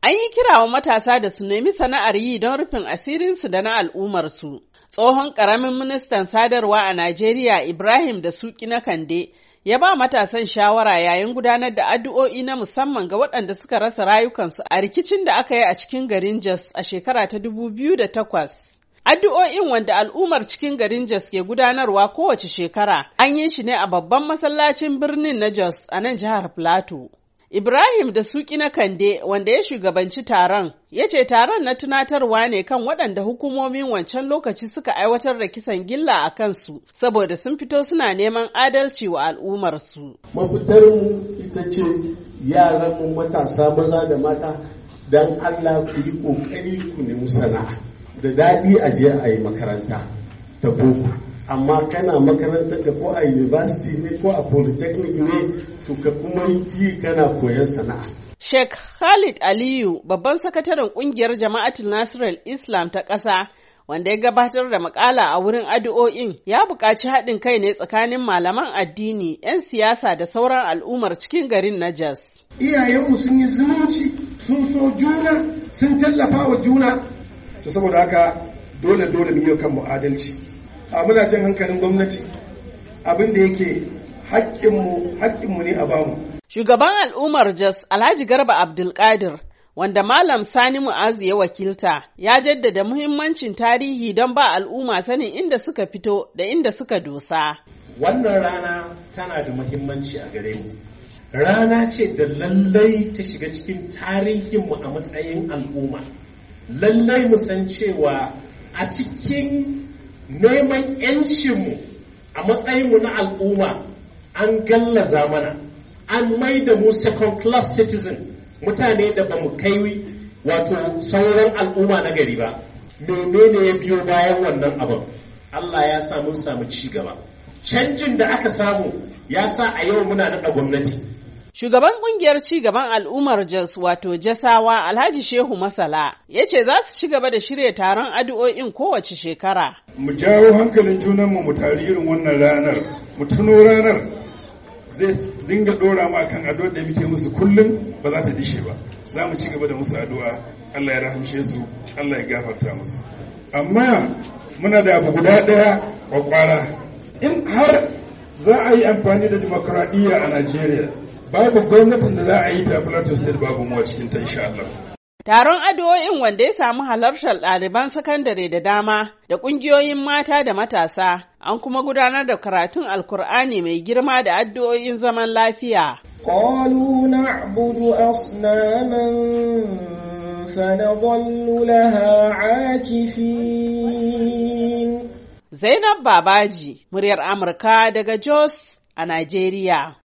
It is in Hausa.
An yi kira wa matasa da su nemi sana'ar yi don rufin asirinsu da na al'ummarsu. Tsohon ƙaramin ministan sadarwa a Najeriya Ibrahim da Suki na Kande ya ba matasan shawara yayin gudanar da addu'o'i na musamman ga waɗanda suka rasa rayukansu a rikicin da aka yi a cikin garin Jos a shekara ta 2008. Addu'o'in wanda al'ummar cikin garin Jos ke gudanarwa kowace shekara an yi shi ne a babban masallacin birnin na Jos a nan jihar Plateau. Ibrahim da Suki na Kande wanda ya shugabanci taron ya ce taron na tunatarwa ne kan waɗanda hukumomin wancan lokaci suka aiwatar da kisan gilla a kansu saboda sun fito suna neman adalci wa al'ummarsu. Mafitarmu ita ce mu matasa maza da mata don Allah ku yi ƙoƙari ku nemi sana'a da daɗi a je a yi makaranta ta boko amma kana makarantar ko a university ne ko a polytechnic ne to ka kuma yi ji kana koyon sana'a Sheikh Khalid Aliyu, babban sakataren kungiyar Jama'atul Nasiral Islam ta ƙasa, wanda ya gabatar da makala a wurin addu'o'in, ya buƙaci haɗin kai ne tsakanin malaman addini, 'yan siyasa da sauran al'ummar cikin garin Najas. Iyayenmu sun yi zumunci, sun so juna, sun tallafa wa juna. To saboda haka dole dole mu yi kan adalci. A muna jin hankalin gwamnati abin da yake haƙƙinmu ne a bamu. Shugaban al'ummar Jos Alhaji Garba Abdulkadir wanda Malam Sani Mu'azu ya wakilta ya jaddada muhimmancin tarihi don ba al'umma sanin inda suka fito da inda suka dosa. Wannan rana tana da muhimmanci a gare mu. Rana ce da lallai ta shiga cikin tarihinmu a matsayin al'umma. Lallai mu san cewa a cikin neman 'yancinmu a matsayinmu na al'umma an gallaza mana an maida mu second class citizen mutane da ba mu kai wato sauran al'umma na gari ba menene ya biyo bayan wannan abin Allah ya sa samu ci gaba canjin da aka samu ya sa a yau muna naɗa gwamnati Shugaban kungiyar gaban al'ummar Jos wato Jasawa Alhaji Shehu Masala ya ce za su ci gaba da shirya taron addu'o'in kowace shekara. Mu jawo hankalin junanmu mu tari irin wannan ranar, mu tuno ranar zai dinga dora ma kan addu'a da muke musu kullum ba za ta dishe ba za mu ci gaba da musu addu'a Allah ya rahamshe su Allah ya gafarta musu amma muna da abu guda ɗaya kwakwara in har za a yi amfani da dimokuraɗiyya a Najeriya babu gwamnatin da za a yi ta Plateau State babu mu a cikin ta insha Allah Taron addu'o'in wanda ya samu halartar ɗaliban sakandare da dama da ƙungiyoyin mata da matasa, an kuma gudanar da karatun Alkur'ani mai girma da addu'o'in zaman lafiya. قالوا na أصناما فنظل لها عاكفين زينب a Najeriya.